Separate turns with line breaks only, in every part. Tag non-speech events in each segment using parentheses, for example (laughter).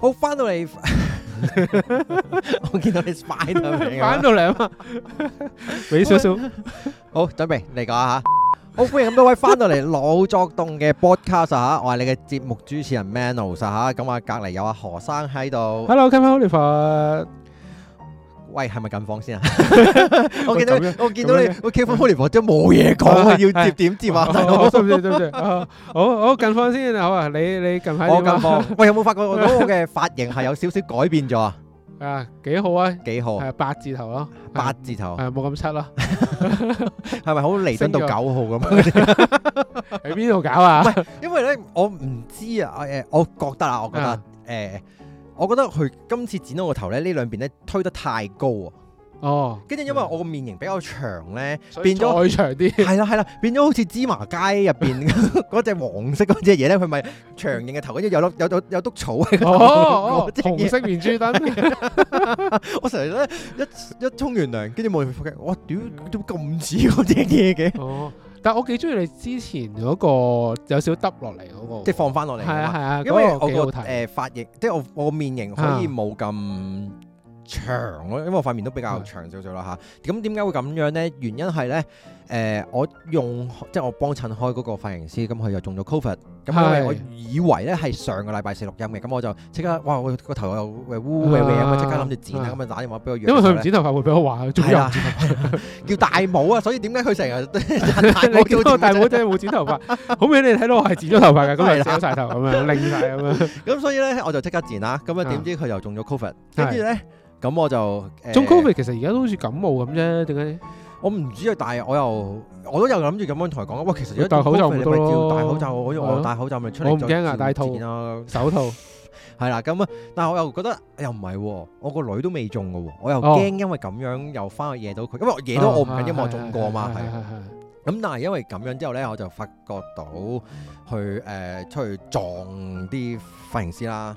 我翻到嚟， (laughs) 我見到你 spy (laughs) 到來，翻到嚟啊！嘛，俾少少，好準備你講下。 (laughs) 好歡迎咁多位翻到嚟老作動嘅 podcast 嚇， (laughs) 我係你嘅節目主持人 Manos 嚇。咁 (laughs) 啊、嗯，隔離有阿何生喺度。Hello，come on。喂，係咪近況先啊？我見到我見到你，我 Q 翻威廉王都冇嘢講啊，要接點接啊？對對對，好好近況先啊，好啊，你你近排我近況，喂有冇發覺我嘅髮型係有少少改變咗啊？啊，幾號啊，幾號，係八字頭咯，八字頭係冇咁七咯，係咪好嚟緊到九號咁？喺
邊度搞啊？因為咧我唔知啊，誒，我覺得啊，我覺得
誒。我覺得佢今次剪到個頭咧，呢兩邊咧推得太高啊！哦，跟住因為我個面型比較長咧，變咗長啲，係啦係啦，變咗好似芝麻街入邊嗰隻黃色嗰隻嘢咧，佢咪長形嘅頭，跟住有粒有有有督草喺嗰度，隻黃色面珠燈。 (laughs) (laughs) 我成日咧一一沖完涼，跟住望住副鏡，我屌點咁似嗰隻嘢嘅。 (laughs) 但係我幾中意你之前嗰
個有少耷落嚟嗰個，嗰個，即係放翻落嚟。係啊係啊，啊因為個個我個
誒髮型，即係我我面型可以冇咁啊長咯，因為我塊面都比較長少少啦吓。咁點解會咁樣咧？原因係咧，誒，我用即係我幫襯開嗰個髮型師，咁佢又中咗 Covid，咁我以為咧係上個禮拜四錄音嘅，咁我就即刻哇，我個頭又喂烏喂即刻諗住剪啦，咁啊打電話俾我。因為佢唔剪頭髮會俾我話，中咗又叫大帽啊！所以點解佢成日都？你見到大帽真係冇剪頭髮，好明顯你睇到我係剪咗頭髮嘅，咁啊少晒頭咁樣，擰晒咁樣。咁所以咧，我就即刻剪啦。咁啊，點知佢又中咗 Covid？跟住咧？咁我就，中 Covid 其實而家都好似感冒咁啫，點解？我唔知啊，但係我又，我都又諗住咁樣同佢講。喂，其實如果你戴口罩咪得咯，戴口罩，我戴口罩咪出嚟。我唔驚啊，戴套、手套，係啦。咁啊，但係我又覺得又唔係喎，我個女都未中㗎喎，我又驚，因為咁樣又翻去惹到佢，因為惹到我唔緊要，我中過啊嘛。係係係。咁但係因為咁樣之後咧，我就發覺到去誒出去撞啲髮型師啦。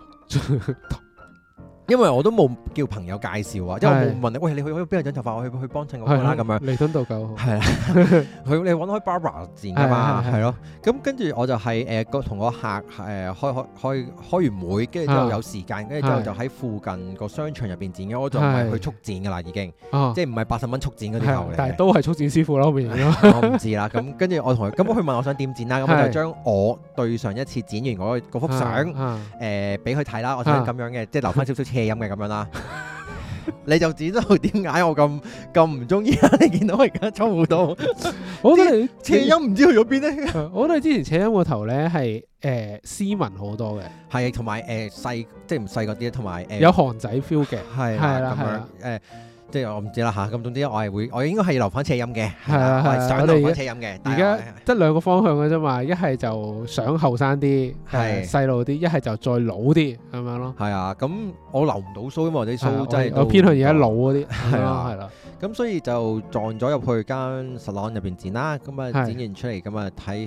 因為我都冇叫朋友介紹啊，因為我冇問你，喂，你可以去邊度剪頭髮？我去去幫襯佢啦咁樣。離島道九號。係啊，佢你揾開 Barbara 剪嘅嘛，係咯。咁跟住我就係誒個同個客誒開開開完會，跟住之後有時間，跟住之後就喺附近個商場入邊剪嘅。我就唔係去速剪嘅啦，已經，即係唔係八十蚊速剪嗰啲舊嚟。但係
都係速剪師傅咯，唔係唔知啦，咁
跟住我同佢，咁佢問我想點剪啦，咁就將我對上一次剪完嗰幅相誒俾佢睇啦。我想咁樣嘅，即係留翻少少。氣音嘅咁樣啦， (laughs) 你就只知道點解我咁咁唔中意？你見到我而家抽唔到，我覺得你氣音唔知去咗邊咧？我覺得你之前氣音個頭咧係誒斯文好多嘅，係，同埋誒細即係唔細嗰啲，同埋有韓仔 feel 嘅，係係啦，係啦，誒、啊。即係我唔知啦嚇，咁總之我係會，我應該係留翻斜音嘅，係啊係，想留翻斜音嘅。而家得兩個方向嘅啫嘛，
一係就想後生啲，係細路啲；一係就再老啲咁樣咯。係
啊，咁我留唔到數嘛，因為啲數劑，我偏向而
家老嗰啲，係啊，係啦。
咁所以就撞咗入去間 salon 入邊剪啦，咁啊剪完出嚟咁啊睇，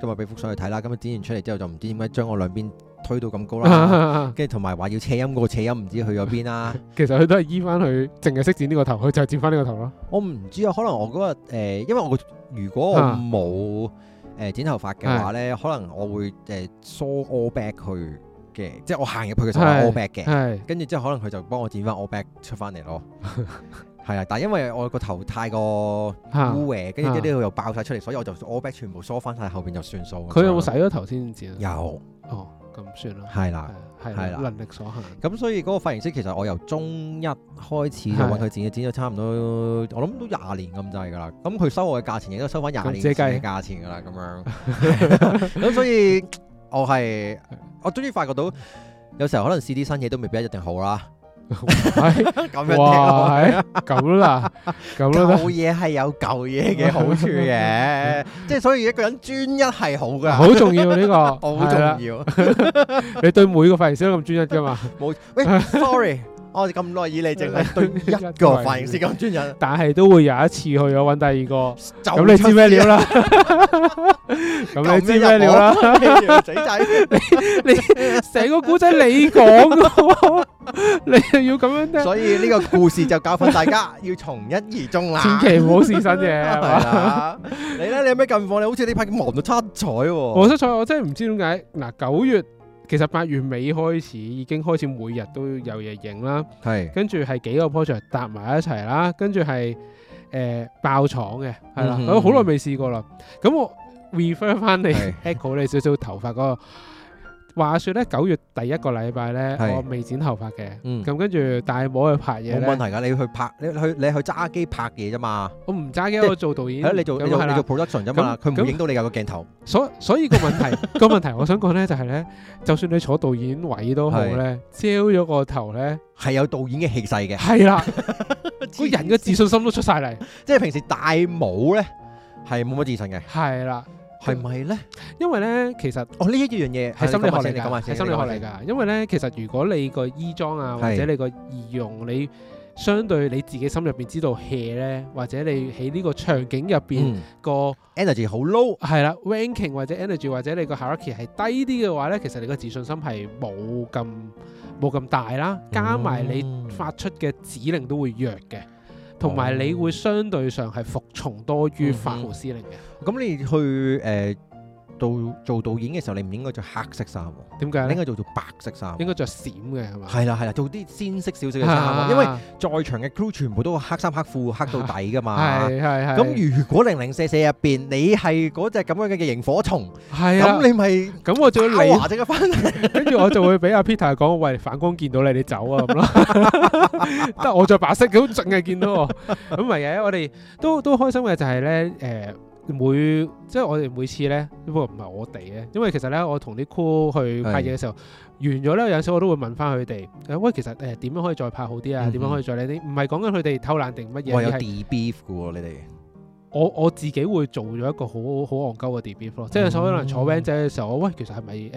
今日俾幅相去睇啦，咁啊剪完出嚟之後就唔知點解將我兩邊。推到咁高啦，跟住同埋話要斜音，個斜音唔知去咗邊啦。
其實佢都係醫翻佢，淨係識剪呢個頭，佢就係剪翻呢個頭咯。
我唔知啊，可能我嗰日誒，因為我如果我冇誒剪頭髮嘅話咧，可能我會誒梳 all back 佢嘅，即係我行入去嘅時候 all back 嘅，跟住之後可能佢就幫我剪翻 all back 出翻嚟咯。係啊，但係因為我個頭太過污嘅，跟住呢度又爆晒出嚟，所以我就 all back 全部梳翻晒後邊就算數。佢有冇洗咗頭先剪？有哦。咁算啦，係啦，係啦，能力所限。咁所以嗰個髮型師，其實我由中一開始就搵佢剪，嗯、剪咗差唔多，是我諗都廿年咁滯噶啦。咁佢收我嘅價，價錢，亦都收翻廿年嘅價錢噶啦。咁樣，咁 (laughs) (laughs) 所以我係，我終於發覺到，有時候可能試啲新嘢都未必一定好啦。係咁 (laughs) 哇 (laughs) 樣聽、啊，係咁啦，舊嘢係有舊嘢嘅好處嘅，即係 (laughs) 所以一個人專一係好噶，好 (laughs) 重要
呢、啊這個，好 (laughs) 重要。 (laughs) 對了 (laughs) 你對每個髮型師都咁專一噶嘛？
冇、欸，喂，sorry。我哋咁耐以嚟，淨係對一個髮型師咁專一，但係
都會有一次去咗揾第二個。咁你知咩料啦？咁
你知咩料啦？死仔，你你成個故仔你講嘅喎，你又要咁樣。所以呢個故事就教訓大家，要從一而終啦，千祈唔好試新嘢，係嘛？你咧，你有咩近況？你好似呢排忙到七彩喎，忙七
彩，我真係唔知點解。嗱，九月。其實八月尾開始已經開始每日都有嘢影啦，係跟住係幾個 project 搭埋一齊啦，跟住係誒爆廠嘅，係啦，嗯、哼我好耐未試過啦，咁我 refer 翻你是，echo 你少少頭髮嗰個。話説咧，九月第一個禮拜咧，我未剪頭髮嘅。咁跟住，戴帽去拍嘢冇問題㗎。你要去拍，你去你去揸機拍
嘢啫嘛。我唔揸機，我做導演。你做你做你做 production 啫嘛。佢唔影到你有個鏡頭。所
所以個問題個問題，我想講咧就係咧，就算你坐導演位都好咧，
焦咗個頭咧，係有導演嘅氣勢嘅。係啦，個人嘅自信心都出晒嚟。即係平時戴帽咧，係冇乜自信嘅。係啦。係咪咧？因為咧，其實哦呢一樣嘢係心理學嚟㗎，係心理學嚟㗎。因為咧，其實如果你
個衣裝啊，或者你個儀容，你相對你自己心入邊知道 hea 咧，或者你喺呢個場景入邊個 energy 好 low，係啦，ranking 或者 energy 或者你個 hierarchy 係低啲嘅話咧，其實你個自信心係冇咁冇咁大啦。加埋你發出嘅指令都會弱嘅。同埋你會
相對上係服從多於發號施令嘅。嗯哼，咁你去誒？呃到做導演嘅時候，你唔應該着黑色衫，點解？應該做套白色衫，應
該着閃嘅係
嘛？係啦係啦，做啲鮮色少少嘅衫，因為在場嘅 crew 全部都黑衫黑褲黑到底㗎嘛。係係係。咁如果零零四四入邊，你係嗰隻咁樣嘅螢火蟲，係啊，咁你咪
咁我就要你，即刻
翻嚟。跟住我就會
俾阿 Peter 講：喂，反光見到你，你走啊咁咯。得我著白色，咁淨係見到。咁唔係嘅，我哋都都開心嘅就係咧，誒。每即係我哋每次咧，不過唔係我哋嘅，因為其實咧，我同啲 crew 去拍嘢嘅時候的完咗咧，有時我都會問翻佢哋，誒、呃、喂，其實誒點、呃、樣可以再拍好啲啊？點、嗯、哼樣可以再靚啲？唔係講緊佢哋偷懶定乜嘢？哇！有
debuff 嘅、啊、你哋。我
我自己會做咗一個好好戇鳩嘅 debate 咯，嗯、即係有時候可能坐 band 仔嘅時候，我喂，其實係咪誒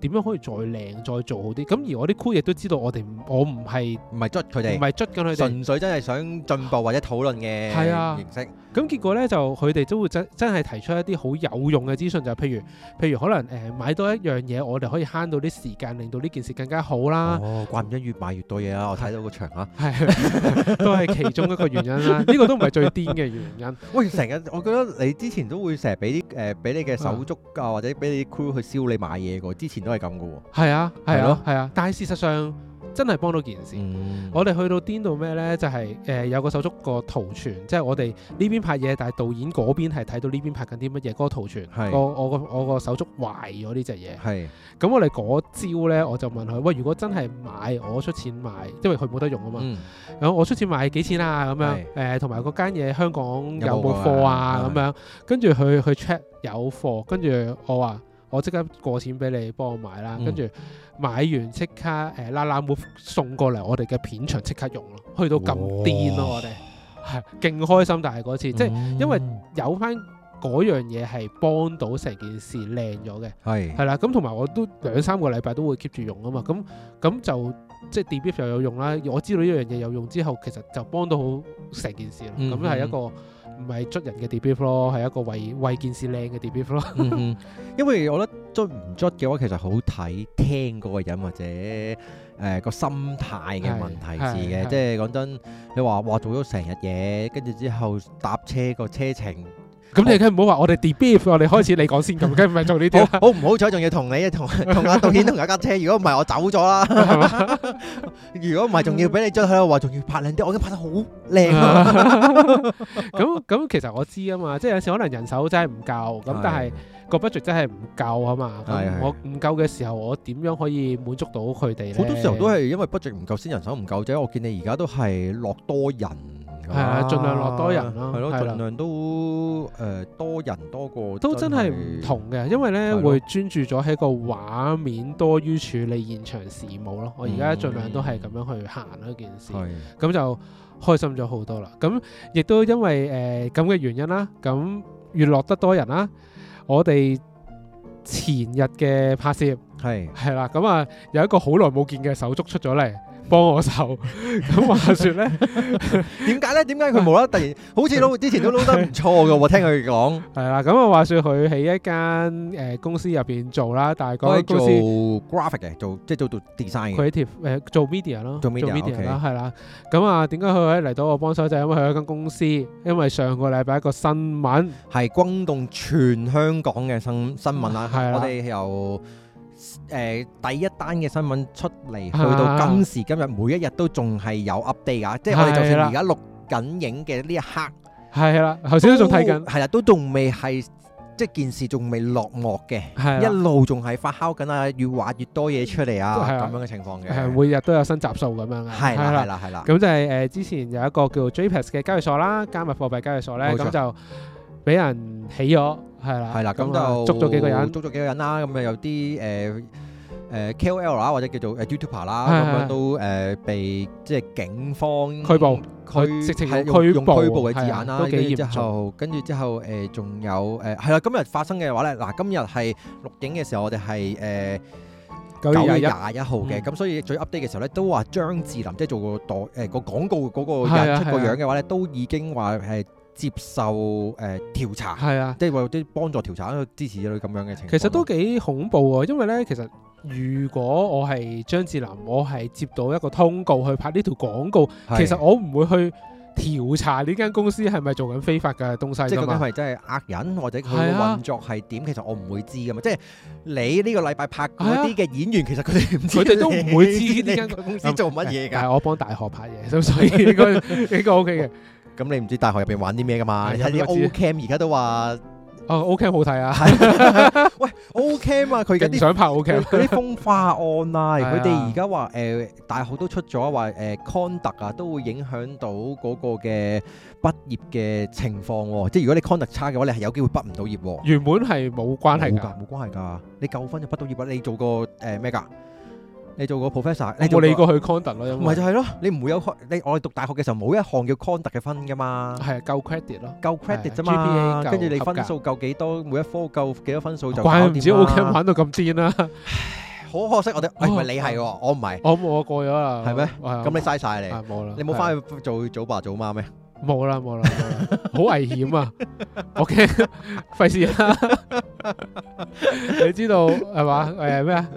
點樣可以再靚再做好啲？咁而我啲 cool 亦都知道我哋我唔係唔係捽佢哋，唔係捽緊佢哋，純
粹真係想進步或者討論嘅形式。
咁、啊啊、結果咧就佢哋都會真真係提出一啲好有用嘅資訊，就譬如譬如可能誒、呃、買多一樣嘢，我哋可以慳到啲時間，令到呢件事更加好啦。
怪唔得越買越多嘢啦，啊、我睇到個場啊，係都係其中一個原因啦。呢 (laughs) 個都唔係最癲嘅原因。成日，我覺得你之前都會成日俾啲誒，俾、呃、你嘅手足啊，或者俾你啲 crew 去燒你買嘢嘅喎，之前都係咁嘅
喎。係啊，係、啊、對咯、啊，係啊，但係事實上真係幫到件事。嗯、
我哋去到癲到咩呢？就係、是、誒、呃、有個手足個圖傳、那個圖傳，
即係是我哋呢邊拍嘢，但係導演嗰邊係睇到呢邊拍緊啲乜嘢。嗰圖傳，我我個我個手足壞咗呢隻嘢。咁是我哋嗰招呢，我就問佢：喂，如果真係買，我出錢買，因為佢冇得用啊嘛。咁、嗯、我出錢買幾錢啊？咁樣誒，同埋嗰間嘢香港有冇貨啊？咁、啊、樣的跟住佢佢 check 有貨，跟住我話。我即刻過錢俾你幫我買啦，跟住買完即刻誒拉拉木送過嚟我哋嘅片場即刻用咯。去到咁癲咯，我哋係勁開心，但係嗰次、嗯、即係因為有翻嗰樣嘢係幫到成件事靚咗嘅係係啦，咁同埋我都兩三個禮拜都會 keep 住用啊嘛，咁咁就即係 deep 又有用啦，我知道呢樣嘢有用之後，其實就幫到好成件事，咁係一個。
嗯嗯唔係捽人嘅 debrief 咯，係一個為為件事靚嘅 debrief 咯，嗯。因為我覺得捽唔捽嘅話，其實好睇聽嗰個人或者誒個、呃、心態嘅問題字嘅。嗯嗯嗯、即係講真，你話哇做咗成日嘢，跟住之後搭車個車程。咁、嗯嗯、你梗唔好話我哋 debrief，我哋開始你講先咁，梗唔係做呢啲。 (laughs) 好唔好彩，仲要同你同同阿導演同一架車。如果唔係我走咗啦。 (laughs) (laughs) (laughs) 如果唔係仲要俾你再睇，話仲要拍靚啲，我已經拍得好靚啊！
咁 (laughs) 咁， (laughs) (laughs) 其實我知啊嘛，即係有時可能人手真係唔夠，咁但係個 budget 真係唔夠啊嘛。是是是我唔夠嘅時候，我點樣可以滿足到佢哋咧？好多時候都
係因為 budget 唔夠先人手唔夠啫。我見你而家都係落多人。
係啊，盡量落多人咯，係咯，盡量
都誒、呃、多人多過，都真係唔同嘅，
因為咧的會專注咗喺個畫面多於處理現場事務咯。我而家盡量都係咁樣去行呢件事，咁、嗯、就開心咗好多啦。咁亦都因為誒咁嘅原因啦，咁越落得多人啦，我哋前日嘅拍攝係係啦，咁啊的有一個好耐冇見嘅手足出咗嚟。幫我手，咁話説咧，點解咧？點解佢冇啦啦突然 (laughs) 好似都之前都撈得唔錯嘅喎？ (laughs) 聽佢講，係啦，咁啊話説佢喺一間誒公司入邊做啦，大概做
graphic 嘅，做即係做做 design，creative
誒做 media 咯，做 media 啦，係啦。咁啊，點解佢可以嚟到我幫手？就係、是、因為佢喺間公司，
因為上個禮拜一個新聞係轟動全香港嘅新新聞啦、啊，了我哋由。誒，第一單嘅新聞出嚟，去到今時今日，每一日都仲係有 update 噶，即係我哋就算而家錄緊影嘅呢一刻，係啦，頭先都仲睇緊，係啦，都仲未係，即係件事仲未落幕嘅，一路仲係發酵緊啊，越挖越多嘢出嚟啊，咁樣嘅情況嘅，每日都有新集數咁樣嘅，係啦係啦係啦，咁就係誒，之前有一個叫 JPEX 嘅交易所啦，加密貨幣交易所咧，咁就
俾人起咗。係啦，係啦，咁就捉咗幾個人，捉
咗幾個人啦，咁啊有啲誒誒 KOL 啦，或者叫做誒 YouTuber 啦，咁樣都誒被即係警方拘捕，係直情用拘捕嘅字眼啦。跟住之後，跟住之後誒仲有誒係啦，今日發生嘅話咧，嗱今日係錄影嘅時候，我哋係誒九月廿一號嘅，咁所以最 update 嘅時候咧，都話張智霖即係做個代誒個廣告嗰個出個樣嘅話咧，都已經話係。接受誒、呃、調查係啊，即係為啲幫助調查、支持呢類咁樣嘅情況。其實
都幾恐怖啊，因為咧，其實如果我係張智霖，我係接到一個通告去拍呢條廣告，啊、其實我唔會去調查呢間公
司係咪做緊非法嘅東西，即係佢係咪真係呃人，或者佢嘅運作係點？啊、其實我唔會知㗎嘛。即係你呢個禮拜拍嗰啲嘅演員，啊、其實佢哋唔，知。佢哋都唔會知呢間公司，公司做乜嘢㗎。係我幫大學拍嘢， (laughs) 所以呢個 O K 嘅。 (laughs) 咁、嗯、你唔知大學入邊玩啲咩噶嘛？有啲 O Cam 而家都話，嗯、 (laughs) 哦 O k 好睇啊！ (laughs) (laughs) 喂 O k a m 啊，佢勁 (laughs) 想拍 O k a 啲《風化案》啊、呃，佢哋而家話誒大學都出咗話誒 Con 特啊，呃、都會影響到嗰個嘅畢業嘅情況喎。即係如果你 Con 特差嘅話，你係有機會畢唔到業。原本係冇關係㗎，冇關係㗎。你夠分就畢到業，你做個誒咩㗎？呃你做過 professor，你做過。我理過佢 conduct 咯，有冇？唔係就係咯，你唔會有學你我哋讀大學嘅時候冇一項叫 conduct 嘅分噶嘛。係啊，夠 credit 咯，夠 credit 啫嘛。GPA 跟住你分數夠幾多，每一科夠幾多分數就。怪唔之 O K，玩到咁癲啦。唉，好可惜我哋，喂，咪你係喎，我唔係，我我過咗啦，係咩？係啊。咁你嘥曬你，冇啦，你冇返去做祖爸祖媽咩？冇啦冇啦，好危險啊！OK，費事啦。
你知道係嘛？誒咩啊？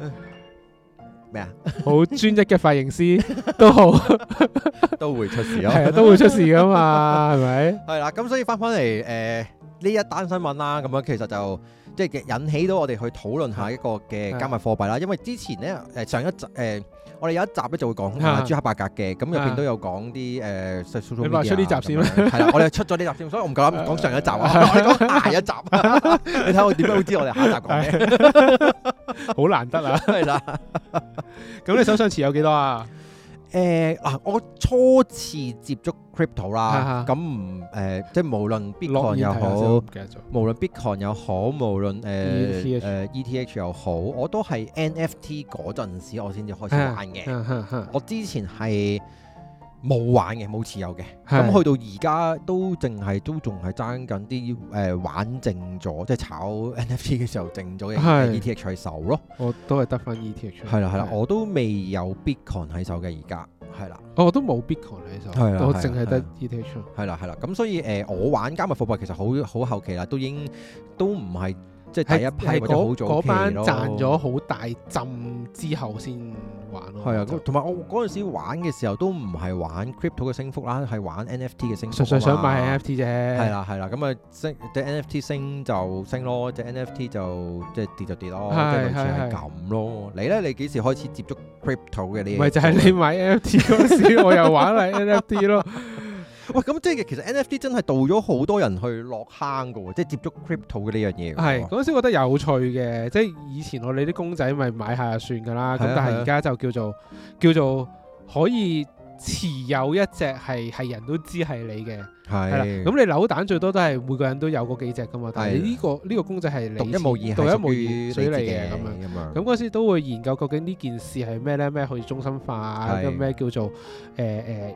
咩啊？好專一嘅髮
型師都好， (laughs) 都會出事咯，係啊，都會出事噶嘛，係咪 (laughs) 吧？係啦， (laughs) 咁所以翻返嚟誒呢一單新聞啦，咁樣其實就即係引起到我哋去討論下一個嘅加密貨幣啦，因為之前咧誒上一集誒。呃我哋有一集咧就會講朱克伯格嘅，咁入邊都有講啲誒，出呢集先咩？係啦，我哋出咗呢集先，所以我唔夠膽講上一集啊，我哋講下一集。啊，你睇我點樣會知我哋下一集講咩？好難得啊！係啦，咁你手上持有幾多啊？誒嗱、呃，我初次接觸 crypto 啦，咁唔誒，即係無論 Bitcoin 又好，無論 Bitcoin 又好，無論誒誒 ETH 又好，我都係 NFT 嗰陣時我先至開始玩嘅。 (noise) 我之前係。冇玩嘅，冇持有嘅。咁去到而家都淨係都仲係爭緊啲誒玩剩咗，即係炒 NFT 嘅時候剩咗嘅 ETH 喺手咯。我都係得翻 ETH 喺手。係啦係啦，我都未有 Bitcoin 喺手嘅而家。係啦，
我都冇 Bitcoin 喺手，我淨係得 ETH。係啦係啦，
咁所以誒，我玩加密貨幣其實好好後期啦，都已經都唔係。即係第一批，批嗰嗰班賺咗
好大浸之後先玩咯。係啊的，
同埋就我嗰陣時玩嘅時候都唔係玩 crypto 嘅升幅啦，係玩 NFT 嘅升幅。純粹想，想買 NFT
啫。係啦，
係啦，咁啊，即係 NFT 升就升咯，即 NFT 就即係跌就跌咯，即係咁咯。的你咧，你幾時開始接觸 crypto 嘅啲呢？咪就係你買 NFT 嗰時， (laughs) 我又玩埋 NFT 咯。喂，咁即係其實 NFT 真係導咗好多人去落坑噶喎，即係接觸 Crypto 嘅呢樣嘢。係嗰陣時覺得有趣
嘅，即係以前我哋啲公仔咪買下就算噶啦。咁、啊、但係而家就叫做、啊、叫做可以持有一隻係係人都知係你嘅係啦。咁、啊啊、你扭蛋最多都係每個人都有嗰幾隻噶嘛。啊、但係呢、呢個呢、呢個公仔係獨一無二，獨一無二，所以嚟嘅咁樣。咁嗰陣時都會研究究，究竟呢件事係咩咧？咩去中心化啊？咩叫，叫做誒誒？呃呃呃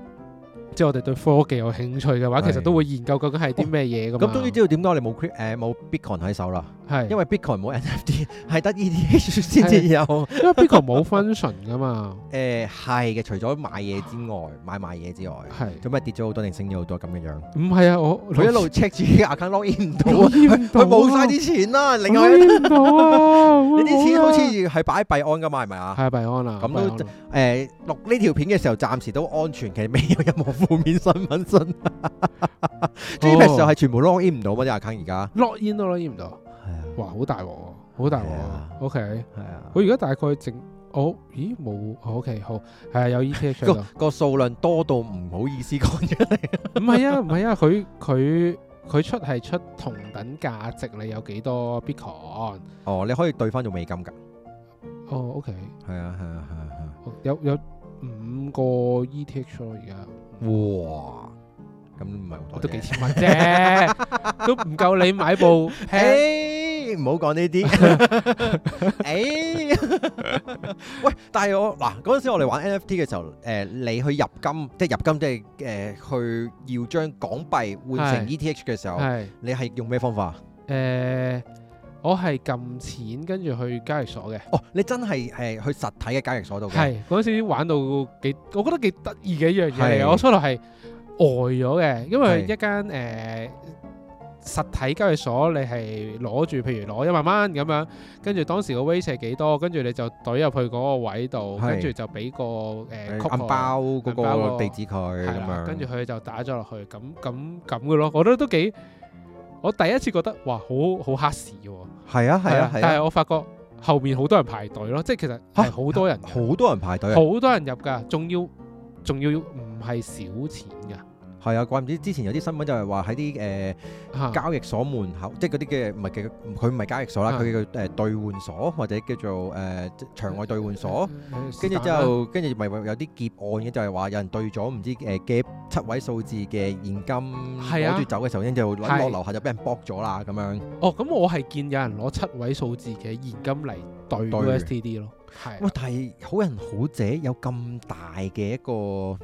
即係我哋對科技有興趣嘅話，其實都會研究究竟係啲咩嘢咁。咁終於知道點解我哋冇誒冇 Bitcoin 喺手啦。係因為 Bitcoin 冇 NFT，係得 ETH 先至有。因為 Bitcoin 冇 function 噶嘛。誒係嘅，除咗買嘢之外，買賣嘢之外，係做咩跌咗好多定升咗好多咁嘅樣？唔係啊，我我一路 check 自己 account log in 唔到啊，佢冇晒啲錢啦。另外一啲唔你啲錢好似係擺喺幣安噶嘛？係咪啊？係幣安啊。咁都誒錄呢條片嘅時候，暫時都安全，其實未有任何。負面新聞新 JPEX 就係全部 lock in 唔到乜啲 account 而家。
lock in 都 lock in 唔到。係是啊,
啊，哇，好大鑊，好大鑊啊！OK，係啊。佢而家大
概淨，哦，咦，冇、哦、，OK，好，係啊，有 ETH 咯 (laughs) 。
個數量多到唔好意思講出嚟。
唔 (laughs) 係啊，唔係啊，佢佢佢出係出同等價值，你有幾多 Bitcoin？
哦，你可以兌翻做美金噶。
哦，OK，係
啊，係啊，係啊，係、啊
(laughs) 有有五個 ETH 咯，而家。
哇，咁唔係好多，都幾千蚊啫，都唔夠你買部。哎、 (laughs) hey,，唔好講呢啲。哎、啊，喂，但係我嗱嗰陣時我哋玩 NFT 嘅時候，誒、呃、你去入金，即係入金即係誒去要將港幣換成 ETH 嘅時候，你係用咩方法啊？
呃我係撳錢跟住去交易所嘅。哦，你真係係去實體嘅交易所度嘅？係嗰陣時玩到幾，我覺得幾得意嘅一樣嘢。我初頭係呆咗嘅，因為一間誒實體交易所，你係攞住，譬如攞一萬蚊咁樣，跟住當時個 rate 係幾多，跟住你就懟入去嗰個位度，跟住就俾個誒銀包嗰個地址
佢，係啦，跟
住佢就打咗落去，咁咁咁嘅咯。我覺得都幾。我第一次覺得哇，好好黑市喎！
係啊，係啊，係啊，但係我
發覺後面好多人排隊咯，即係
其實係好多人，好多人排隊，好多人入㗎，仲要仲要唔係少錢㗎。係啊，怪唔知之前有啲新聞就係話喺啲誒交易所門口，即係嗰啲嘅唔係嘅，佢唔係交易所啦，佢叫誒兌換所或者叫做誒、呃、場外兌換所，跟住之後，跟住咪有啲劫案嘅，就係、是、話有人兌咗唔知誒嘅、呃、七位數字嘅現金攞住走嘅時候，因、啊、就攞落樓下就俾人 b 咗啦咁樣、
啊。哦，咁我係見有人攞七位數字嘅現金嚟兌 USD 咯，哇對、啊
哦！但係好人好者有咁大嘅一個。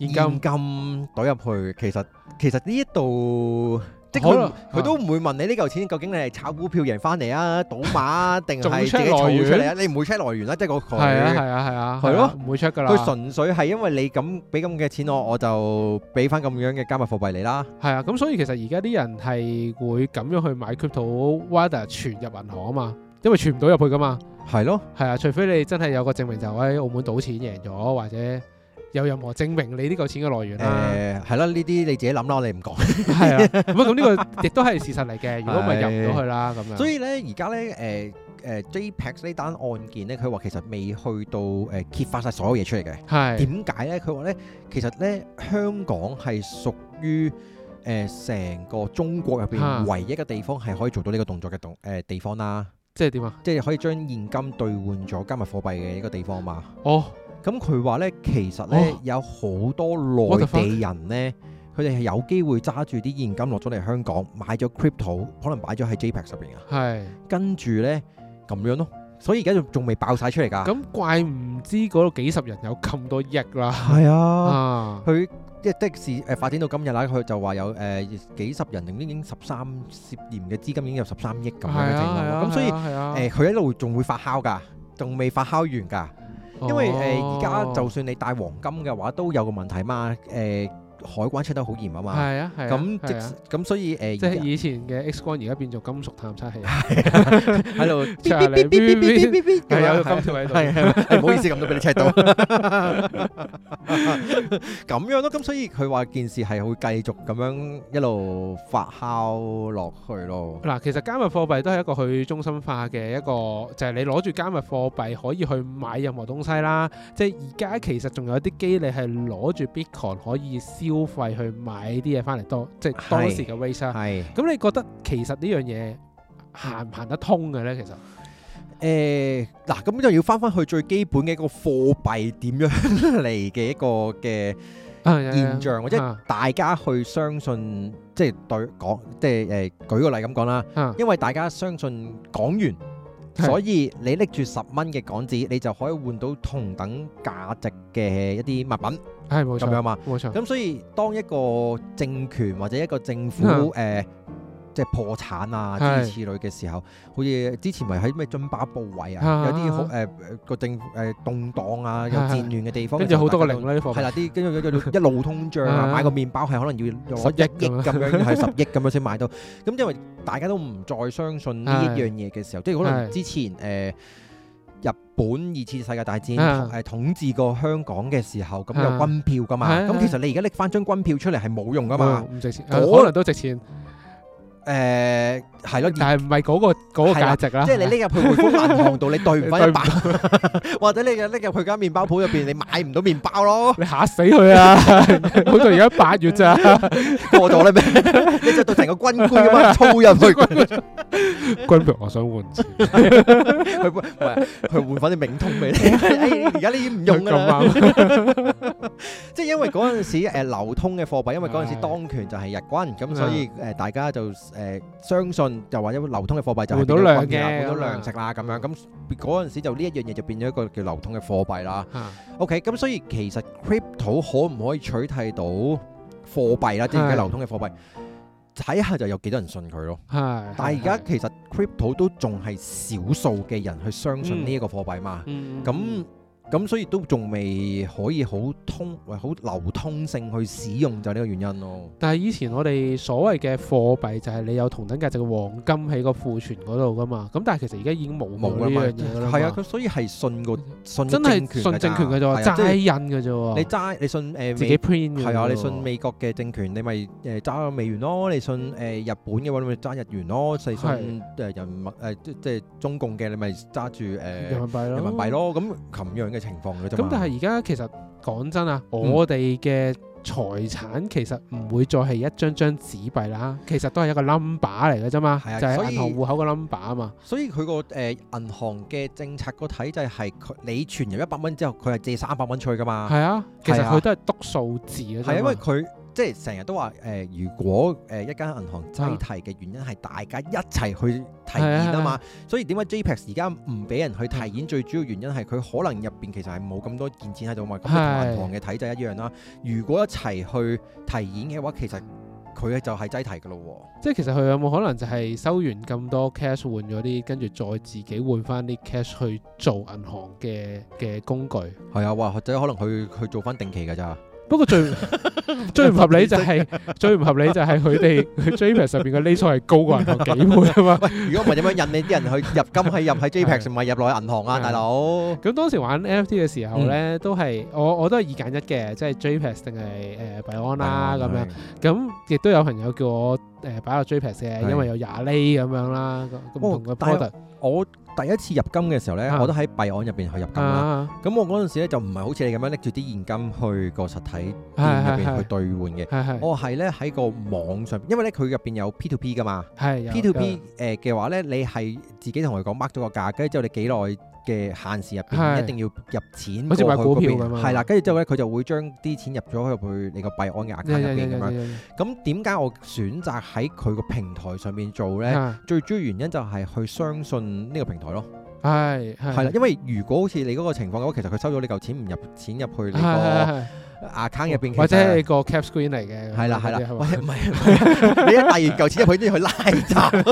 現金咁
袋入去，其實其實呢一度，佢佢了都唔會問你呢嚿錢究竟你係炒股票贏翻嚟啊，賭馬定、啊、係自己儲出嚟啊？你唔會 check 來源啦、啊，即係個佢係啊係啊係咯，唔、啊他啊、會 check 㗎啦。佢純粹係因為你咁俾咁嘅錢，我我就俾翻咁樣嘅加密貨幣你啦。係啊，咁所以其實而家啲人係
會咁樣去買 cryptocurrency 存入銀行啊嘛，因為存唔到入去㗎嘛。係咯、啊，係啊，除非你真係有個證明，就喺澳門賭錢贏咗或者。有任何證明你呢個錢嘅來源啦？係咯，呢啲你自己諗啦，你唔講係啦。咁呢個亦都係事實嚟嘅。如果唔係入唔到去啦咁樣。所以
咧，而家咧，誒誒 JPEX 呢單案件咧，佢話其實未去到誒揭發晒所有嘢出嚟嘅。係點解咧？佢話咧，其實咧香港係屬於誒成個中國入邊唯一嘅地方係可以做到呢個動作嘅動誒地方啦。即係點啊？即係可以將現金兌換咗加密貨幣嘅一個地方嘛？哦。咁佢話咧，其實咧有好多內地人咧，佢哋係有機會揸住啲現金落咗嚟香港，買咗 crypto，可能買咗喺 JPEX 入邊啊。係。跟住咧咁樣咯，所以而家仲仲未爆曬出嚟㗎。咁怪唔知嗰度幾十人有咁多億啦。係啊。佢即的士誒發展到今日啦，佢就話有誒幾十人，定已經十三涉嫌嘅資金已經有十三億咁樣嘅情況。係啊。咁所以誒，佢一路仲會發酵㗎，仲未發酵完㗎。因為誒，而家就算你帶黃金嘅話，都有個問題嘛誒，呃海關 check 得好嚴啊嘛，咁、啊啊、即咁、啊、所以誒，啊呃、即係以
前嘅 X 光，而家變做金屬探測器，喺度。係啊，係啊，唔好意思，咁都俾你 check 到。
咁樣咯，咁所以佢話件事係會繼續咁樣一路發酵落去咯。
嗱，其實加密貨幣都係一個去中心化嘅一個，就係、是，你攞住加密貨幣可以去買任何東西啦。即係而家其實仲有啲機你係攞住 Bitcoin 可以消費去買啲嘢翻嚟多，即係當時嘅 visa。咁你覺得其實呢樣嘢行唔行得通嘅咧？其
實、呃，誒，嗱，咁就要翻翻去最基本嘅一個貨幣點樣嚟嘅一個嘅現象，啊啊啊、或者大家去相信，即係對港，即係誒，舉個例咁講啦，啊、因為大家相信港元。所以你拎住十蚊嘅港紙，你就可以換到同等價值嘅一啲物品，
係冇錯咁樣啊，冇錯。咁
錯所以當一個政權或者一個政府誒，嗯即係破產啊之類嘅時候，好似之前咪喺咩津巴布韋啊，有啲誒個政誒動盪啊，有戰亂嘅地方，跟住好多個零啦，係啦，啲跟住一路通脹啊，買個麵包係可能要攞一億咁樣，係十億咁樣先買到。咁因為大家都唔再相信呢一樣嘢嘅時候，即係可能之前誒日本二次世界大戰誒統治過香港嘅時候，咁有軍票㗎嘛。咁其實你而家拎返張軍票出嚟係冇用㗎嘛，唔值錢，可能都值錢。誒係咯，嗯、但係唔係嗰個嗰的價值啦。的即係你拎入去匯豐銀行到你兌唔翻幣； (laughs) 或者你嘅拎入去間麵包鋪入邊，你買唔到麵包咯。你嚇死佢啊！
好在而家八月咋過咗啦，你就到成個軍裝咁樣，操入去軍票，我想換錢。佢 (laughs) (laughs) 換，佢換翻啲冥通俾你。而 (laughs) 家你已經唔用啦。
(laughs) 即係因為嗰陣時流通嘅貨幣，因為嗰陣時當權就係日軍，咁、嗯、所以誒大家就。誒、呃，相信就話因流通嘅貨幣就係要揾嘢揾到糧食啦，咁、啊、樣咁嗰陣時就呢一樣嘢就變咗一個叫流通嘅貨幣啦。啊、OK，咁所以其實 crypto 可唔可以取締到貨幣啦？即係是流通嘅貨幣，睇是下就有幾多人信佢咯。係，但係而家其實 crypto 都仲係少數嘅人去相信呢一個貨幣嘛。咁、嗯嗯嗯嗯嗯咁所以都仲未可以好通，或好流通性去使用，就呢個原因咯。但係以前我哋所謂嘅貨幣就係
你有同等價值嘅黃金喺個庫存嗰度噶嘛。咁但係其實而家已經冇冇啦嘛。係啊，佢
所以係信個信政權，信政權嘅啫，齋印嘅啫。你齋，你信誒自己 print 係啊，你信美國嘅政權，你咪誒揸美元咯；你信誒日本嘅話，你咪揸日元咯；世信誒人民誒即係中共嘅，你咪揸住誒人民幣咯。人民幣咯，咁咁樣嘅。情況，咁但係而
家其實講真啊，Oh. 我哋嘅財產其實唔會再係一張張紙幣啦，其實都係一個 number 嚟嘅啫嘛，的就係銀行戶
口個 number 啊嘛。所以佢個誒銀行嘅政策個體制係，你存入一百蚊之後，佢係借三百蚊出去噶嘛。係啊，其實佢都係篤數字嘅。因為佢。即係成日都話誒、呃，如果誒、呃、一間銀行擠提嘅原因係大家一齊去提現啊嘛，啊啊啊所以點解 JPEX 而家唔俾人去提現？啊啊、最主要原因係佢可能入邊其實係冇咁多現錢喺度嘛，咁同銀行嘅體制一樣啦。啊、如果一齊去提現嘅話，其實佢就係擠提噶咯。
即係其實佢有冇可能就係收完咁多 cash 換咗啲，跟住再自己換翻啲 cash 去做銀行嘅嘅工具？
係啊，或者可能去去做翻定期噶咋？
不過最最唔合理
就係最唔合理就係佢哋 JPEX 上邊嘅利數係高過人幾倍啊嘛！如果唔係點樣引你啲人去入金係入喺 JPEX，唔係入落去銀行啊，大佬！咁當時玩 NFT 嘅時候咧，都係我我都係二揀一嘅，即係
JPEX 定係誒幣安啦咁樣。咁亦都有朋友叫我誒擺落 JPEX 嘅，因為有廿厘咁樣啦，唔同嘅 product
我。第一次入金嘅時候呢，嗯、我都喺幣安入邊去入金啦。咁、嗯、我嗰陣時咧就唔係好似你咁樣拎住啲現金去個實體店入邊去兌換嘅。嗯嗯嗯、我係呢，喺個網上，因為呢，佢入邊有 P2P 㗎嘛。係 P2P 誒嘅話呢，你係自己同佢講 mark 咗個價，跟住之後你幾耐嘅限時入邊的一定要入錢，好似買股票咁，係啦，跟住之後咧，佢就會將啲錢入咗入去你個幣安嘅 account 入邊咁樣。咁點解我選擇喺佢個平台上面做咧？的最主要原因就係去相信呢個平台咯。係係啦，因為如果好似你嗰個情況嘅話，其實佢收咗你嚿錢唔入錢入去呢個的。account，入邊或者係
個 cap screen 嚟嘅，係啦係啦，唔係你一帶完嚿錢，入去都要去拉閘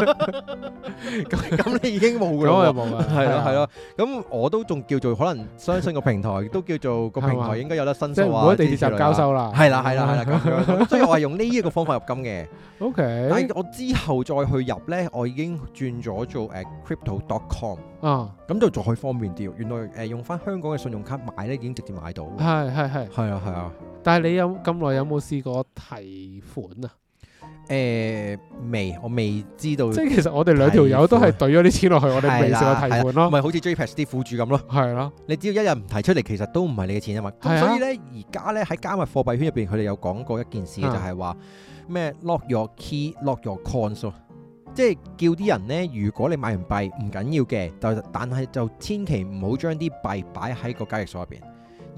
咁，咁你已經冇咗，係咯係咯，咁
我都仲叫做可能相信個平台，都叫做個平台應該有得申訴啊，即係我地鐵站交收啦，係啦係啦係啦咁樣，所以我係用呢一個方法入金嘅。OK，但係我之後再去入咧，我已經轉咗做誒 crypto.com 啊，咁就仲可以方便啲。原來誒用翻香港嘅信用卡買咧，已經直接買到。
係係係，係啊係啊。但
係你有咁耐有冇試過提款啊？誒、呃，未，我未知道。即係其實我哋兩條友都係懟咗啲錢落去，款我哋未試過提款咯。咪款好似 JPEX 啲苦主咁咯？係咯的。你只要一日唔提出嚟，其實都唔係你嘅錢啊嘛的、嗯。所以咧，而家咧喺加密貨幣圈入邊，佢哋有講過一件事，的就係話咩 lock your key，lock your coins，即係叫啲人咧，如果你買完幣唔緊要嘅，就但係就千祈唔好將啲幣擺喺個交易所入邊。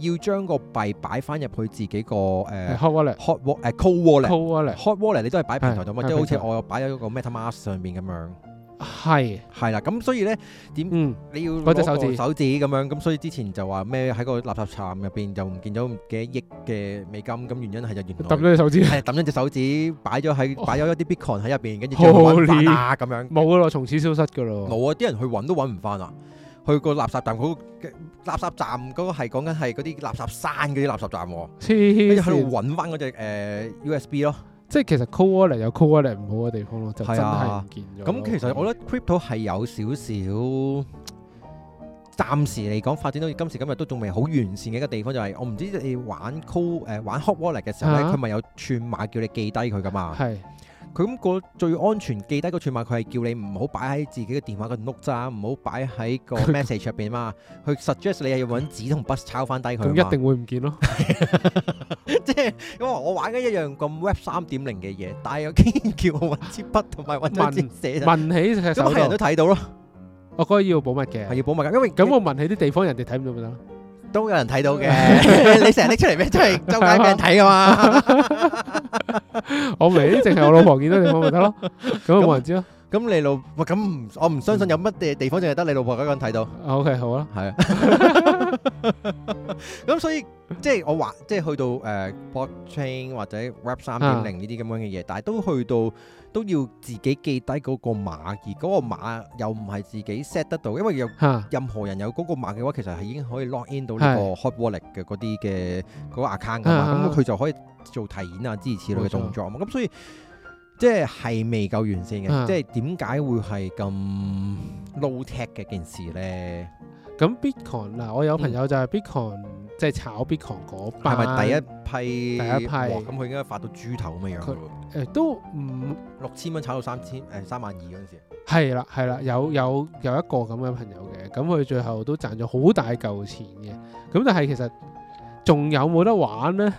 要將個幣擺翻入去自己個誒 hot wallet、hot 誒 cold wallet、cold wallet、hot wallet 你都係擺平台度嘛？即係好似我擺咗一個 MetaMask 上邊咁樣，係係啦。咁所以咧點？你要攞隻手指手指咁樣。咁所以之前就話咩喺個垃圾站入邊就唔見咗幾億嘅美金。咁原因係就係揼咗隻手指，係揼咗隻手指擺咗喺擺咗一啲 Bitcoin 喺入邊，跟住再揾翻啦咁樣。冇咯，從此消失嘅咯。冇啊！啲人去揾都揾唔翻啊！去個垃圾站好。垃圾站嗰個係講緊係嗰啲垃圾山嗰啲垃圾站喎，跟住喺度揾翻嗰隻誒 USB 咯。
即係其實 cold wallet 有 cold wallet 唔好嘅地方咯，就真係唔見咗。咁、啊嗯、其實我覺
得 crypto 係有少少，暫時嚟講發展到今時今日都仲未好完善嘅一個地方，就係、是、我唔知你玩 cold 誒、呃、玩 hot wallet 嘅時候咧，佢咪、啊、有串碼叫你記低佢噶嘛？佢咁個最安全記低嗰串碼，佢係叫你唔好擺喺自己嘅電話 note 個 note 咋，唔好擺喺個 message 入邊嘛、嗯。佢 suggest 你係要搵紙同筆抄翻低佢。咁一定會唔見咯。 (laughs) (laughs) 即係因為我玩緊一樣咁 web 三點零嘅嘢，但係又竟然叫我搵支筆同埋搵支筆寫，咁人都睇
到咯。我覺得要保密嘅，係要保密噶。咁我問起啲地方人，人哋睇唔到咪得咯？
都有人睇到嘅， (laughs) (laughs) 你成日拎出嚟咩？都係周街俾人睇噶嘛。
我唔理，淨係我老婆見到你冇咪得咯。咁我冇人知咯。
咁那 (laughs) (laughs) 你老，咁唔，我唔相信有乜嘢地方淨係得你老婆一個人睇到。OK，好啦，係 (noise) 啊楽。 (music) 咁 (laughs) 所以即係我話，即係去到誒、呃、blockchain 或者 Web 三點零呢啲咁樣嘅嘢，啊、但係都去到都要自己記低嗰個碼，而嗰個碼又唔係自己 set 得到，因為有任何人有嗰個碼嘅話，其實係已經可以 log in 到呢個 Hot Wallet 嘅嗰啲嘅嗰個 account 噶的嘛，咁佢、嗯、就可以做提現啊，諸如此類嘅動作啊，咁、嗯、所以即係係未夠完善嘅，嗯、即係點解會係咁 low tech 嘅一件事咧？
咁 Bitcoin 嗱，coin，我有朋友就係 Bitcoin 即係、嗯、炒 Bitcoin 嗰班，係咪第一批？第一批。咁
佢應該發到豬頭咁嘅樣佢，誒、呃，都五、嗯、六千蚊炒到三千，誒、呃、三萬二嗰陣時。
係啦，係啦，有有有一個咁嘅朋友嘅，咁佢最後都賺咗好大嚿錢嘅。咁但係其實仲有冇得玩咧？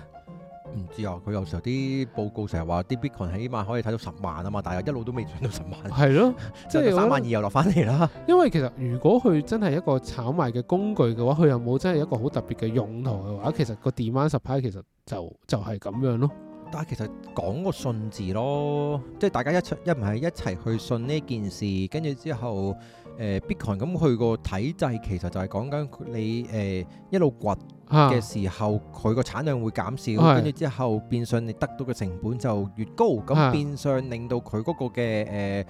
唔知啊，佢有時候啲報告成日話啲 Bitcoin 起碼可以睇到十萬啊嘛，大家一路都未上到十萬，係咯，即係三萬二又落翻嚟啦。
(laughs) 到32，因為其實如果佢真係一個炒賣嘅工具嘅話，佢又冇真係一個好特別嘅用途嘅話，其實個 demand supply 其實就
就係、是、咁樣咯。但係其實講個信字咯，即係大家一齊一唔係一齊去信呢件事，跟住之後。誒、呃、Bitcoin 咁佢個體制其實就係講緊你誒、呃、一路掘嘅時候，佢個、啊、產量會減少，跟住、啊、之後變相你得到嘅成本就越高，咁、啊、變相令到佢嗰個嘅誒、呃、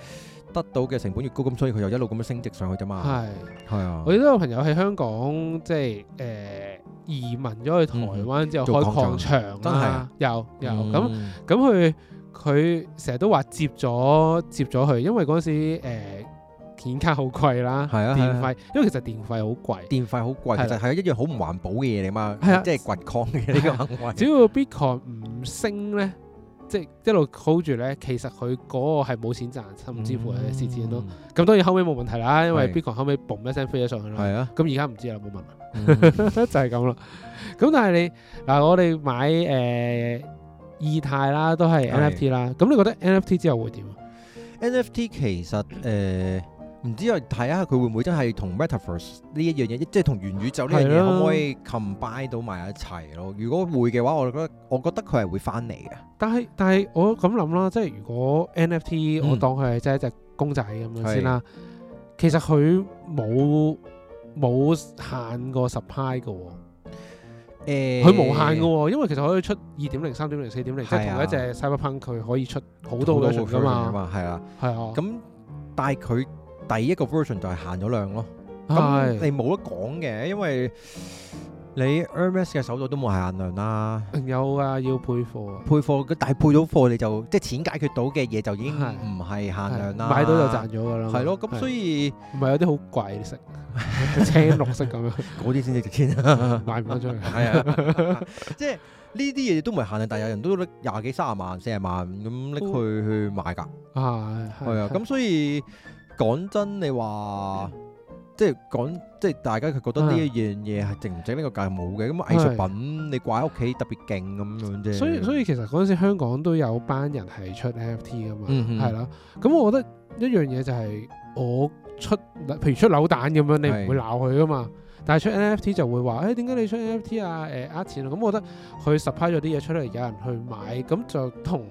得到嘅成本越高，咁所以佢就一路咁樣升值上去啫嘛。係係是啊！我哋都有朋友
喺香港，即係誒、呃、移民咗去台灣、嗯、之後開，做擴場啦的，有有咁咁佢佢成日都話接咗接咗佢，因為嗰陣時、呃顯卡好貴啦，電費，因為其實電費好貴。電費好貴，就係一樣好唔環保嘅嘢嚟嘛，即係掘礦嘅呢個行為。只要 Bitcoin 唔升咧，即係一路 hold 住咧，其實佢嗰個係冇錢賺，甚至乎係蝕錢咯。咁當然後尾冇問題啦，因為 Bitcoin 後尾 boom 一聲飛咗上去啦。係啊，咁而家唔知啦，冇問，就係咁啦。咁但係你嗱，我哋買誒以太啦，都係 NFT 啦。咁你覺得 NFT 之後會點
？NFT 其實誒。唔知啊，睇下佢會唔會真係同 Metaverse 呢一樣嘢，即係同元宇宙呢樣嘢，可唔可以 combine 到埋一齊咯？如果會嘅話，我覺得我覺得佢係會翻嚟嘅。
但係但係我咁諗啦，即係如果 NFT，、嗯、我當佢係即係一隻公仔咁樣先啦。是其實佢冇冇限過 supply 嘅，誒，佢無限嘅，欸、因為其實可以出二點零、三點零、四點零，即係同一隻 Cyberpunk 佢可以出好多好多 version 噶嘛，係啊，係啊。咁
但係佢。第一個 version 就係限咗量咯，咁、喔、你冇得講嘅，因為你 Hermès、ER、嘅手度都冇限量啦、啊，有啊，要配貨、啊，配貨，但係配到貨你就即係錢解決到嘅嘢就已經唔係限量啦，買到就賺咗噶啦，係咯、啊，咁所以唔係有啲好貴色，青綠色咁樣，嗰啲先至值錢，賣唔翻出去，係啊，即係呢啲嘢都唔係限量，但係有人都拎廿幾、卅萬、四十萬咁拎去去買噶，係係啊，咁所以。講真，你話即係講即係大家佢覺得呢一樣嘢係值唔值呢個價冇嘅，咁藝術品你掛喺屋企特別勁咁樣啫。所以所以
其實嗰陣時香港都有班人係出 NFT 噶嘛，係啦、嗯哼。咁我覺得一樣嘢就係我出，譬如出扭蛋咁樣，你唔會鬧佢噶嘛。的但係出 NFT 就會話：誒點解你出 NFT 啊？誒呃錢啊？咁、嗯、我覺得佢 supply 咗啲嘢出嚟，有人去買，咁就同。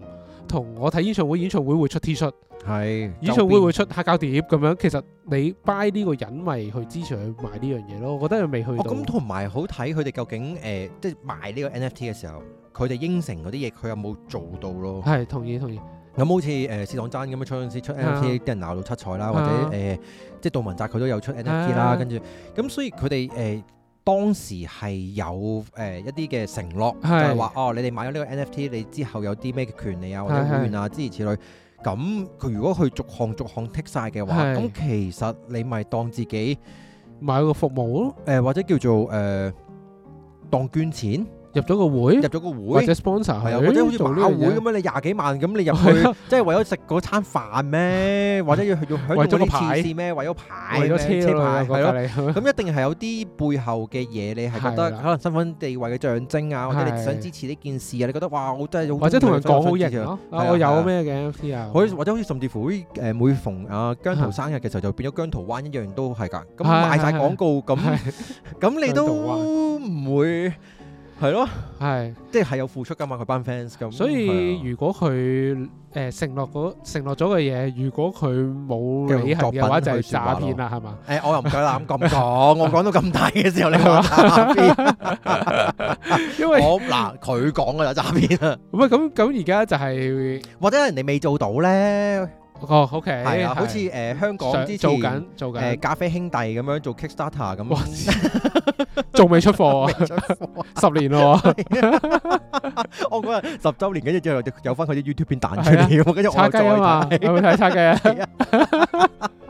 同我睇演唱會，演唱會會出 T 恤，
係是演唱會會出
黑膠碟咁邊樣。其實你 buy 呢個人咪去支持去買呢樣嘢
咯，我覺得佢未去到。咁同埋好睇佢哋究竟誒，即係賣呢個 NFT 嘅時候，佢哋應承嗰啲嘢，佢有冇做到咯？係同意同意。有冇好似誒薛朗爭咁樣初時出，出 NFT 啲、啊、人鬧到七彩啦，或者誒即係杜汶澤佢都有出 NFT 啦、啊，跟住咁所以佢哋誒。呃當時係有誒、呃、一啲嘅承諾，是的 就係話哦，你哋買咗呢個 NFT，你之後有啲咩權利啊、或者會員啊諸如此類。咁佢是的 如果去逐項逐項剔晒嘅話，咁是的 其實你咪當自己買個服務咯，誒、呃、或者叫做誒、呃、當捐錢。入咗個會，入咗個會，或者 sponsor 係，或者好似馬會咁樣，你廿幾萬咁，你入去，即係為咗食嗰餐飯咩？或者要要享受個設施咩？為咗牌，為咗車車牌，咁一定係有啲背後嘅嘢，你係覺得可能身份地位嘅象徵啊，或者你想支持呢件事啊，你覺得哇，我真係，或者同佢講好型啊，我有咩嘅 M V 啊？可以，或者好似甚至乎會誒，每逢阿姜濤生日嘅時候，就變咗姜濤灣一樣都係噶，咁賣晒廣告，咁咁你都唔會。係咯，係是即係有付出噶嘛佢班 fans，所以了
如果佢誒、呃、承諾承諾咗嘅嘢，如果佢冇履行嘅話就係詐騙啦係嘛？誒吧、欸、我又唔夠膽咁講， (laughs) 我講到咁大嘅時候 (laughs) 你話詐騙， (laughs) (laughs) 因為我嗱佢講
嘅就詐騙啦，咁係咁咁而家就係、是、或者人哋未做到咧。哦、oh，OK，係啊，好似誒香港之前做緊做緊誒咖啡兄弟咁樣做 Kickstarter 咁，仲未出貨 (laughs) 了是啊， (laughs) 十年咯，我嗰日十週年嗰日之後有翻佢啲 YouTube 片彈出嚟。啊、嘛我跟住我再睇，去唔去睇拆機
啊？ (laughs)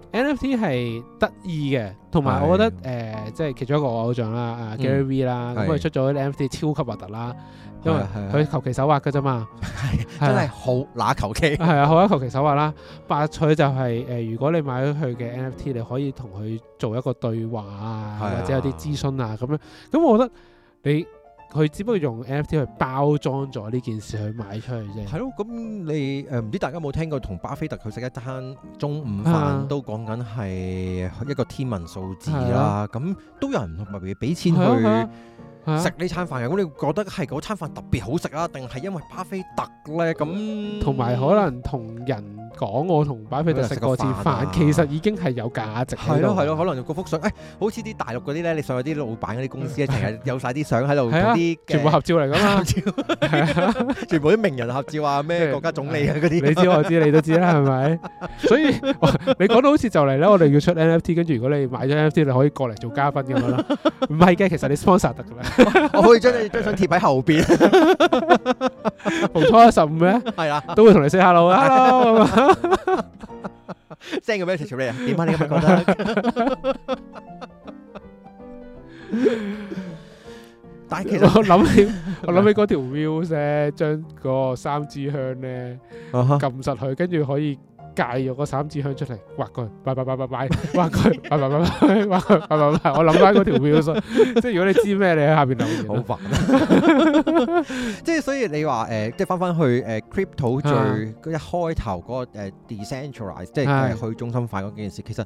NFT 係得意嘅，同埋我覺得誒的、呃，即係其中一個偶像啦，啊、嗯、Gary V 啦的，咁佢出咗啲 NFT 超級核突啦，的因為佢求其手畫嘅啫嘛，係真係好揦球機，係啊的，好啊，求其手畫啦，八趣就係、是、誒、呃，如果你買咗佢嘅 NFT，你可以同佢做一個對話啊，或者的有啲諮詢啊咁樣，咁我覺得你。佢只不過用 NFT 去包裝咗呢件事去賣出去啫。係咯，咁
你誒，唔知大家有冇聽過同巴菲特去食一餐中午飯，都講緊係一個天文數字啦。咁都了有人同埋俾錢去。食呢餐飯嘅，你覺得係嗰餐飯特別好食啊，定係因為巴菲特咧？咁
同埋可能同人講我同巴菲特食過次飯，其實已經係有價值。係咯係
咯，可能用幅相，誒，好似啲大陸嗰啲咧，你上嗰啲老闆嗰啲公司咧，成日有晒啲相喺度，啲全部合照嚟㗎嘛，全部啲名人合照啊，咩國家總理啊嗰啲，你知我知，你
都知啦，係咪？所以你講到好似就嚟咧，我哋要出 NFT，跟住如果你買咗 NFT，你可以過嚟做嘉賓咁樣啦。唔係嘅，其實你 sponsor 得㗎。我，我可以將你張相貼喺後邊，初 (laughs) 一十五咩？係啦的，都會同你 say hello 噶，
正嘅咩？send 個 message 俾你啊，點解你咁樣覺得？ (laughs) (laughs) (laughs) 但係其實我諗起， (laughs) 我諗起嗰條
(laughs) view 咧，將嗰個三支香咧撳實佢，跟、huh. 住可以。戒咗個三支香出嚟挖佢，拜拜拜
拜拜，畫佢，拜拜，我諗翻嗰條表，即係如果你知咩，你喺下邊留言好很煩。 (laughs) (laughs) 即係所以你話誒、呃，即係翻翻去誒、呃、Crypto 最 (laughs) 一開頭嗰個 decentralized 即係去中心化嗰件事，其實。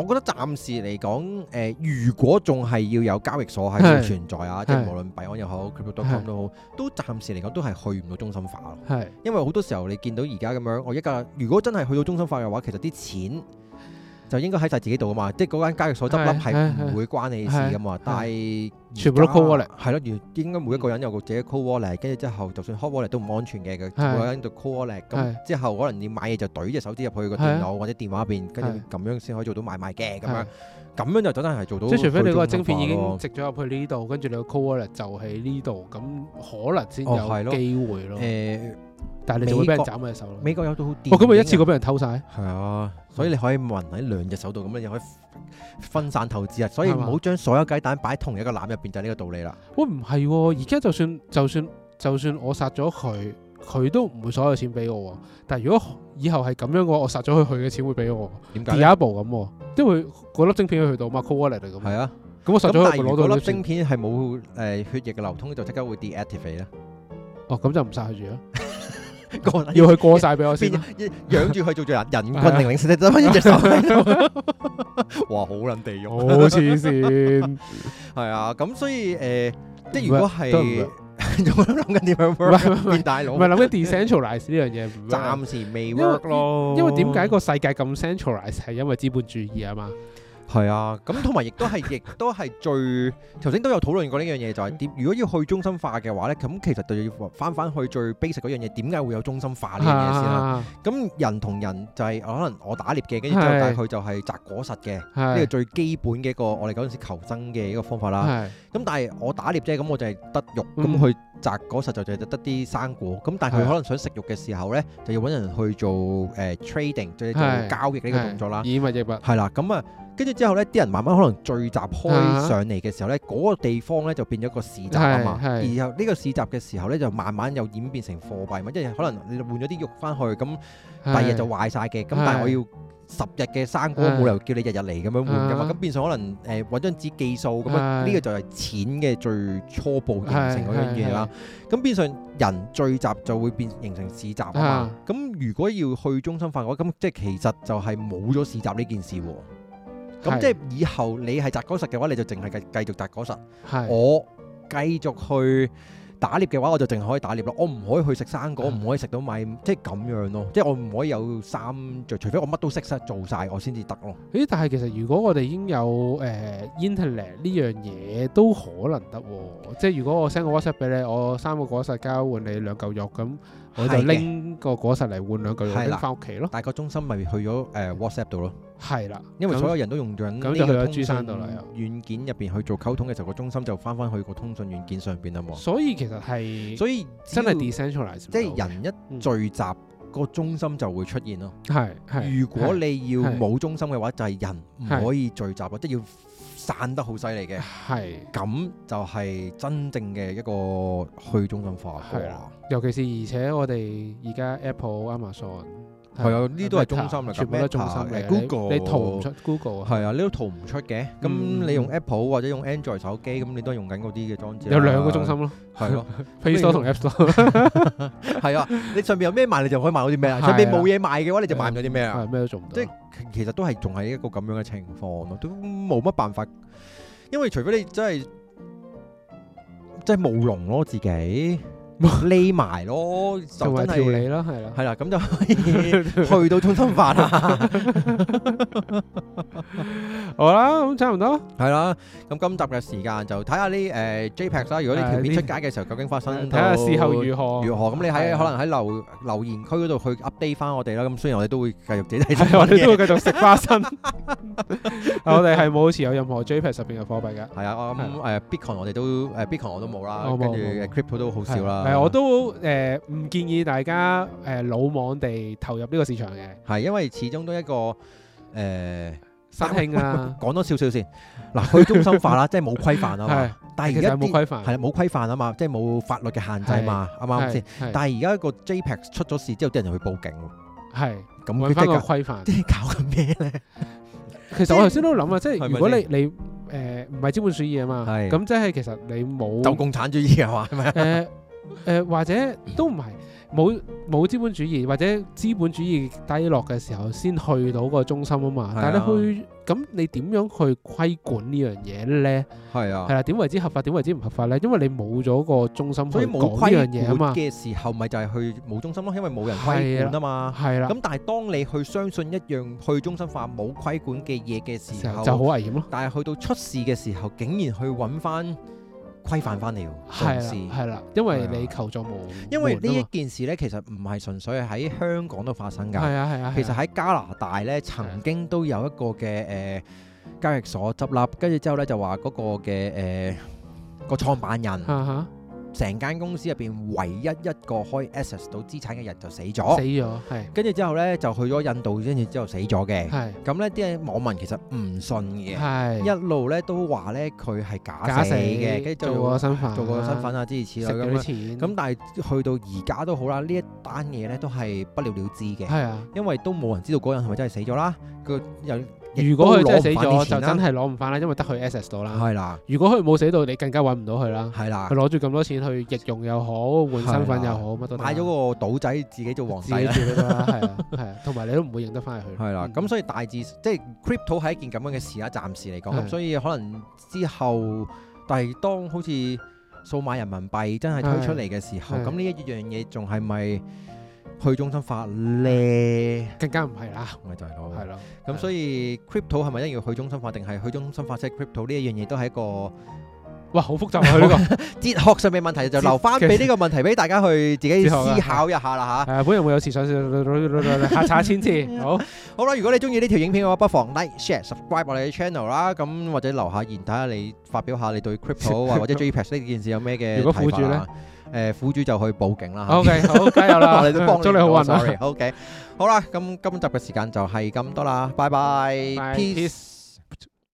我覺得暫時嚟講，誒、呃，如果仲係要有交易所喺是 存在啊，是 即係無論幣安又好 c r 都好，都暫時嚟講都係去唔到中心化咯。係，是 因為好多時候你見到而家咁樣，我一間如果真係去到中心化嘅話，其實啲錢。就應該喺晒自己度啊嘛，即係嗰間交易所執笠係唔會關你事噶嘛。是是是是，但係全部都 call wallet，係咯，應應該每一個人有個自己 call wallet，跟住之後就算 call wallet 都唔安全嘅，佢會喺度 call wallet，咁之後可能你買嘢就懟隻手指入去個電腦或者電話入邊，跟住咁樣先可以做到買賣嘅咁樣，咁是是 樣就真係做到。即除非你個晶片已經
植咗入去呢度，跟住你個 call wallet 就喺呢度，咁可能先有機
會咯。哦。但係你就會俾人斬隻手咯。美國有都好掂、啊、哦，咁咪一次過俾人偷晒？係啊，嗯、所以你可以混喺兩隻手度咁樣，又可以分散投資啊。所以唔好將所有雞蛋擺同一個籃入邊，就係、是、呢個道理啦。
喂、哦，唔係、哦，而家就算就算就算，就算我殺咗佢，佢都唔會所有錢俾我。但係如果以後係咁樣嘅話，我殺咗佢，佢嘅錢會俾我。點解？有一步咁，因為嗰粒晶片去到 macula 咁啊。
係樣啊，咁我殺咗佢，攞到粒晶片係冇誒血液嘅流通，就即刻會 deactivate 啦。哦，咁就唔殺佢住啦。 (laughs) 要佢過晒俾我先，養住佢做做人，坤定玲食得翻一隻手。哇，好撚地獄，好黐線。係啊，咁所以誒，即係如果係，仲諗緊點樣 work 大佬，唔係諗緊 decentralize 呢樣嘢，暫時未 work 咯。因為點解個世界咁 centralized 係因為資本主義啊嘛。係啊，咁同埋亦都係，亦都係最頭先都有討論過呢樣嘢，就係點？如果要去中心化嘅話咧，咁其實就要翻翻去最 basic 嗰樣嘢，點解會有中心化呢樣嘢先啦？咁、啊、人同人就係、是、可能我打獵嘅，跟住之後帶佢就係摘果實嘅，呢是個最基本嘅一個我哋嗰陣時求生嘅一個方法啦。咁是但係我打獵啫，咁我就係得肉，咁去、嗯、摘果實就就得啲生果。咁但係佢可能想食肉嘅時候咧，就要搵人去做誒、呃、trading，即係做交易呢個動作啦。以物易物。係啦，咁、嗯、啊。跟住之後咧，啲人慢慢可能聚集開上嚟嘅時候咧，嗰、啊、個地方咧就變咗個市集啊嘛。然後呢個市集嘅時候咧，就慢慢又演變成貨幣嘛。即係可能你換咗啲肉翻去，咁第二日就壞晒嘅。咁、啊、但係我要十日嘅生果冇、啊、理由叫你日日嚟咁樣換㗎嘛。咁、啊、變相可能誒揾張紙記數咁樣，呢、啊、個就係錢嘅最初步形成嗰樣嘢啦。咁變相人聚集就會變形成市集啊嘛。咁、啊、如果要去中心化嘅話，咁即係其實就係冇咗市集呢件事喎。咁即係以後你係摘果實嘅話，你就淨係繼繼續摘果實。是我繼續去打獵嘅話，我就淨係可以打獵咯。我唔可以去食生果，唔、嗯、可以食到米，即係咁樣咯。即係我唔可以有三隻，除非我乜都識得做晒我先至得咯。誒，但係其實如果我哋已經有誒、呃、internet 呢樣嘢，都可能得喎、
啊。即係如果我 send 個 WhatsApp 俾你，我三個果實交換你兩嚿肉咁，我就拎個果實嚟換兩句
咯，跟住翻屋企咯。但係個中心咪去咗誒 WhatsApp 度咯。係啦的，因為所有人都用緊，咁就去咗珠山度啦。軟件入邊去做溝通嘅時候，個中心就翻翻去個通訊軟件上邊啦嘛。所以其實係，所以真係 decentralize 即係要人一聚集個、嗯、中心就會出現咯。係，如果你要冇中心嘅話，就係、是、人唔可以聚集嘅，即係要。賺得好犀利嘅，係咁是就係真正嘅一個去中心化，係啊，
尤其是而且我哋而家 Apple、
Amazon。係啊，呢都係中心嚟，全部都係中心嚟嘅。Google，你逃唔出 Google 啊？係啊，你都逃唔出嘅。咁你用 Apple 或者用 Android 手機，咁你都係用緊嗰啲嘅裝置。有兩個中心咯，係咯，Play Store 同 App Store。係啊，你上邊有咩賣，你就可以賣到啲咩啊。上邊冇嘢賣嘅話，你就賣唔到啲咩啊。係咩都做唔到。即係其實都係仲係一個咁樣嘅情況咯，都冇乜辦法，因為除非你真係真係冒龍咯自己。匿埋咯，就真條理啦，係啦，係啦，咁就可以去到中心法啦。 (laughs) (laughs) 好啦，咁差唔多。係啦，咁今集嘅時間就睇下啲誒 JPEX 啦。如果你條片出街嘅時候，究竟發生睇下事後如何如何？咁你喺可能喺留了留言區嗰度去 update 翻我哋啦。咁雖然我哋都會繼續寫睇，我哋都會繼續食花生。 (laughs) (laughs) 我哋係冇好似有任何 JPEX 入面嘅貨幣嘅。係啊，我諗誒 Bitcoin 我哋都誒 Bitcoin
我都冇啦，跟住 Crypto 都好少啦。係我都誒唔建議大家誒魯、
呃、莽地投入呢個市場嘅。係，因為始終都一個誒。呃呃生慶啊！講多少少先，嗱，去中心化啦，即係冇規範啊嘛。但係而家係啊，冇規範啊嘛，即係冇法律嘅限制嘛，啱唔啱先？但係而家個 JPEX 出咗事之後，啲人又去報警喎。係，咁點解個規範即係搞緊咩咧？其實我頭先都諗啊，即係如果你
你誒唔係資本主義啊嘛，咁即係其實你冇鬥共產主義啊嘛，誒誒或者都唔係。冇冇資本主義或者資本主義低落嘅時候，先去到個中心啊嘛。的但係你去咁，你點樣去規管呢樣嘢呢？係啊的，係啦，點為之合法？點為之唔合法呢？因為你冇咗個中心去講呢樣嘢啊嘛。嘅
時候咪就係去冇中心咯，因為冇人規管啊嘛。係啦。咁但係當你去相信一樣去中心化冇規管嘅嘢嘅時候，就好危險咯。但係去到出事嘅時候，竟然去揾翻。規範翻嚟喎，係啦，係啦，因為你求助冇，因為呢一件事咧，其實唔係純粹係喺香港都發生㗎，係啊係啊，啊啊其實喺加拿大咧，曾經都有一個嘅誒、呃、交易所執笠，跟住之後咧就話嗰個嘅誒個創辦人、啊。成間公司入邊唯一一個可以 access 到資產嘅人就死咗，死咗，係。跟住之後咧就去咗印度，跟住之後死咗嘅。係是。咁咧啲人網民其實唔信嘅，係是一路咧都話咧佢係假死嘅，跟死做過身份、做過身份，過身份啊之類，食咗啲錢。咁但係去到而家都好啦，呢一單嘢咧都係不了了之嘅。係啊，因為都冇人知道嗰人係咪真係死咗啦，個有。如果佢真係死咗，就真係
攞唔翻啦，因為得佢 access 了到啦。係啦。如果佢冇死到，你更加揾唔到佢啦。係啦了。佢攞住咁多錢去日用又好，換身份又好，乜都買咗個
島仔，自己做皇帝啦。係啊，係啊。 (laughs) 同埋你都唔會認得翻佢。係啦了。咁、嗯、所以大致，即、就、係、是、crypto 係一件咁樣嘅事啦。暫時嚟講，咁了所以可能之後，但係當好似數碼人民幣真係推出嚟嘅時候，咁呢一樣嘢仲係咪？去中心化咧，更加唔係啦，咪就係咯。係咯，咁所以 crypto 係咪一定要去中心化，定係去中心化即係 crypto 呢一樣嘢都係一個，哇，好複雜呢個哲學上面問題，就留翻俾呢個問題俾大家去自己思考一下啦嚇。係啊，本人會有事
想嚟下叉千
字。好，好啦，如果你中意呢條影片嘅話，不妨 like、share、subscribe 我哋嘅 channel 啦。咁或者留下言睇下，你發表下你對 crypto 或者 JPEX 呢件事有咩嘅睇法咧。誒，苦、呃、主就去報警啦 O K，好加油啦， (laughs) 我哋都幫咗你 (laughs) 好運。Sorry，O okay . K， (laughs) 好啦，咁今集嘅時間就係咁多啦，拜拜。Peace.